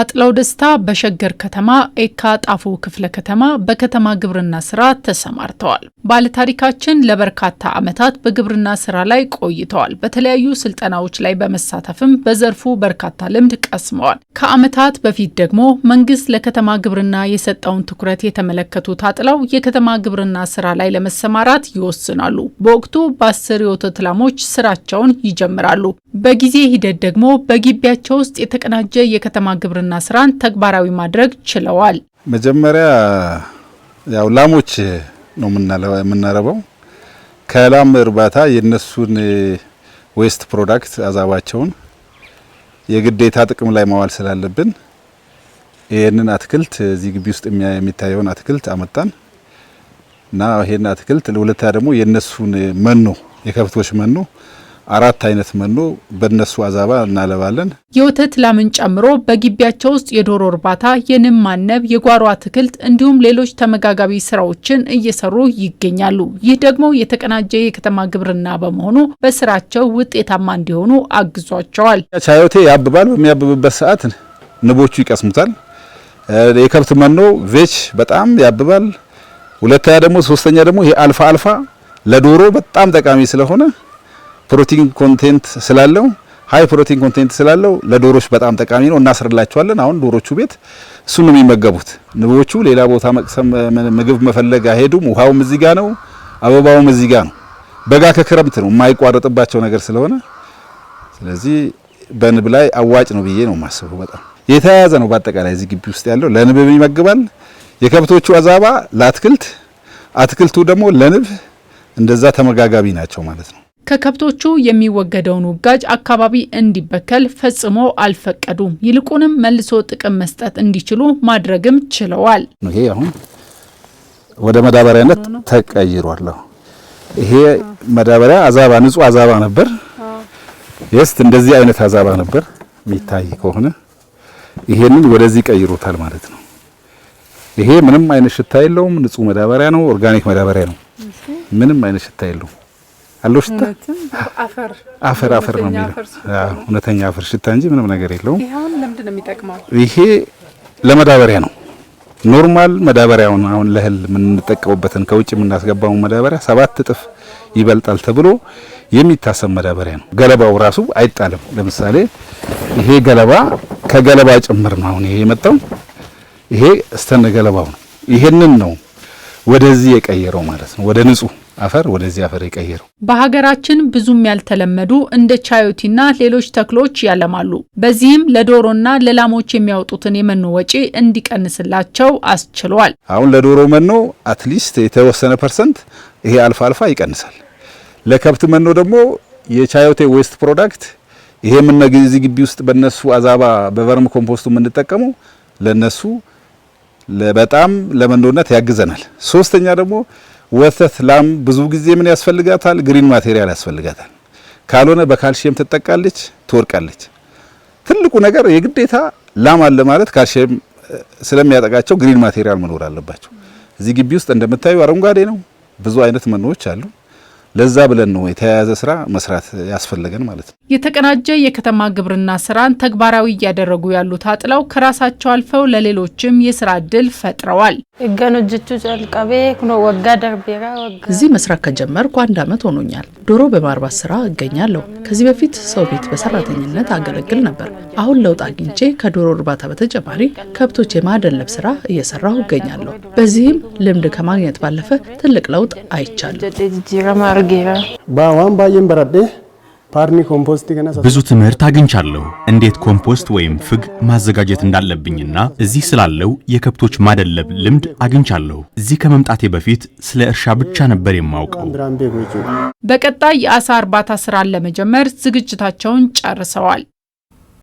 አጥለው ደስታ በሸገር ከተማ ኤካ ጣፎ ክፍለ ከተማ በከተማ ግብርና ስራ ተሰማርተዋል። ባለታሪካችን ለበርካታ ዓመታት በግብርና ስራ ላይ ቆይተዋል። በተለያዩ ስልጠናዎች ላይ በመሳተፍም በዘርፉ በርካታ ልምድ ቀስመዋል። ከዓመታት በፊት ደግሞ መንግስት ለከተማ ግብርና የሰጠውን ትኩረት የተመለከቱ ታጥለው የከተማ ግብርና ስራ ላይ ለመሰማራት ይወስናሉ። በወቅቱ በአስር የወተት ላሞች ስራቸውን ይጀምራሉ። በጊዜ ሂደት ደግሞ በግቢያቸው ውስጥ የተቀናጀ የከተማ ግብርና ስራን ተግባራዊ ማድረግ ችለዋል። መጀመሪያ ያው ላሞች ነው የምናረባው። ከላም እርባታ የነሱን ዌስት ፕሮዳክት አዛባቸውን የግዴታ ጥቅም ላይ ማዋል ስላለብን ይህንን አትክልት እዚህ ግቢ ውስጥ የሚታየውን አትክልት አመጣን እና ይህን አትክልት ለሁለታ ደግሞ የእነሱን መኖ የከብቶች መኖ አራት አይነት መኖ በእነሱ አዛባ እናለባለን። የወተት ላምን ጨምሮ በግቢያቸው ውስጥ የዶሮ እርባታ፣ የንም ማነብ፣ የጓሮ አትክልት እንዲሁም ሌሎች ተመጋጋቢ ስራዎችን እየሰሩ ይገኛሉ። ይህ ደግሞ የተቀናጀ የከተማ ግብርና በመሆኑ በስራቸው ውጤታማ እንዲሆኑ አግዟቸዋል። ቻዮቴ ያብባል። በሚያብብበት ሰዓት ንቦቹ ይቀስሙታል። የከብት መኖ ቬች በጣም ያብባል። ሁለተኛ ደግሞ ሶስተኛ ደግሞ ይሄ አልፋ አልፋ ለዶሮ በጣም ጠቃሚ ስለሆነ ፕሮቲን ኮንቴንት ስላለው ሀይ ፕሮቲን ኮንቴንት ስላለው ለዶሮች በጣም ጠቃሚ ነው። እናስርላቸዋለን። አሁን ዶሮቹ ቤት እሱ ነው የሚመገቡት። ንቦቹ ሌላ ቦታ መቅሰም ምግብ መፈለግ አይሄዱም። ውሃውም እዚህ ጋ ነው፣ አበባውም እዚህ ጋ ነው። በጋ ከክረምት ነው የማይቋረጥባቸው ነገር ስለሆነ ስለዚህ በንብ ላይ አዋጭ ነው ብዬ ነው የማስበው። በጣም የተያያዘ ነው በአጠቃላይ እዚህ ግቢ ውስጥ ያለው ለንብ ይመግባል። የከብቶቹ አዛባ ለአትክልት፣ አትክልቱ ደግሞ ለንብ፣ እንደዛ ተመጋጋቢ ናቸው ማለት ነው። ከከብቶቹ የሚወገደውን ውጋጅ አካባቢ እንዲበከል ፈጽሞ አልፈቀዱም። ይልቁንም መልሶ ጥቅም መስጠት እንዲችሉ ማድረግም ችለዋል። ይሄ አሁን ወደ መዳበሪያነት ተቀይሯል። ይሄ መዳበሪያ አዛባ፣ ንጹህ አዛባ ነበር። የስት እንደዚህ አይነት አዛባ ነበር የሚታይ ከሆነ ይሄንን ወደዚህ ቀይሮታል ማለት ነው። ይሄ ምንም አይነት ሽታ የለውም። ንጹህ መዳበሪያ ነው። ኦርጋኒክ መዳበሪያ ነው። ምንም አይነት ሽታ የለውም። አለው ሽታ አፈር አፈር ነው የሚለው እውነተኛ አፈር ሽታ እንጂ ምንም ነገር የለውም። ይሄ ለመዳበሪያ ነው። ኖርማል መዳበሪያውን አሁን ለእህል የምንጠቀሙበትን ከውጭ የምናስገባው መዳበሪያ ሰባት እጥፍ ይበልጣል ተብሎ የሚታሰብ መዳበሪያ ነው። ገለባው ራሱ አይጣልም። ለምሳሌ ይሄ ገለባ ከገለባ ጭምር ነው አሁን ይሄ የመጣው ይሄ እስተነ ገለባው ነው። ይሄንን ነው ወደዚህ የቀየረው ማለት ነው ወደ ንጹህ አፈር ወደዚህ አፈር የቀየረው። በሀገራችን ብዙም ያልተለመዱ እንደ ቻዮቲና ሌሎች ተክሎች ያለማሉ። በዚህም ለዶሮና ለላሞች የሚያወጡትን የመኖ ወጪ እንዲቀንስላቸው አስችሏል። አሁን ለዶሮ መኖ አትሊስት የተወሰነ ፐርሰንት ይሄ አልፋ አልፋ ይቀንሳል። ለከብት መኖ ደግሞ የቻዮቴ ዌስት ፕሮዳክት ይሄ እዚህ ግቢ ውስጥ በነሱ አዛባ በቨርም ኮምፖስቱ የምንጠቀመው ለነሱ በጣም ለመኖነት ያግዘናል። ሶስተኛ ደግሞ ወተት ላም ብዙ ጊዜ ምን ያስፈልጋታል? ግሪን ማቴሪያል ያስፈልጋታል። ካልሆነ በካልሽየም ትጠቃለች፣ ትወርቃለች ትልቁ ነገር የግዴታ ላም አለ ማለት ካልሽየም ስለሚያጠቃቸው ግሪን ማቴሪያል መኖር አለባቸው። እዚህ ግቢ ውስጥ እንደምታዩ አረንጓዴ ነው፣ ብዙ አይነት መኖዎች አሉ። ለዛ ብለን ነው የተያያዘ ስራ መስራት ያስፈለገን ማለት ነው። የተቀናጀ የከተማ ግብርና ስራን ተግባራዊ እያደረጉ ያሉት አጥላው ከራሳቸው አልፈው ለሌሎችም የስራ እድል ፈጥረዋል። እዚህ መስራት ከጀመርኩ አንድ ዓመት ሆኖኛል። ዶሮ በማርባት ስራ እገኛለሁ። ከዚህ በፊት ሰው ቤት በሰራተኝነት አገለግል ነበር። አሁን ለውጥ አግኝቼ ከዶሮ እርባታ በተጨማሪ ከብቶች የማደለብ ስራ እየሰራሁ እገኛለሁ። በዚህም ልምድ ከማግኘት ባለፈ ትልቅ ለውጥ አይቻልም። ብዙ ትምህርት አግኝቻለሁ። እንዴት ኮምፖስት ወይም ፍግ ማዘጋጀት እንዳለብኝና እዚህ ስላለው የከብቶች ማደለብ ልምድ አግኝቻለሁ። እዚህ ከመምጣቴ በፊት ስለ እርሻ ብቻ ነበር የማውቀው። በቀጣይ የአሳ እርባታ ስራን ለመጀመር ዝግጅታቸውን ጨርሰዋል።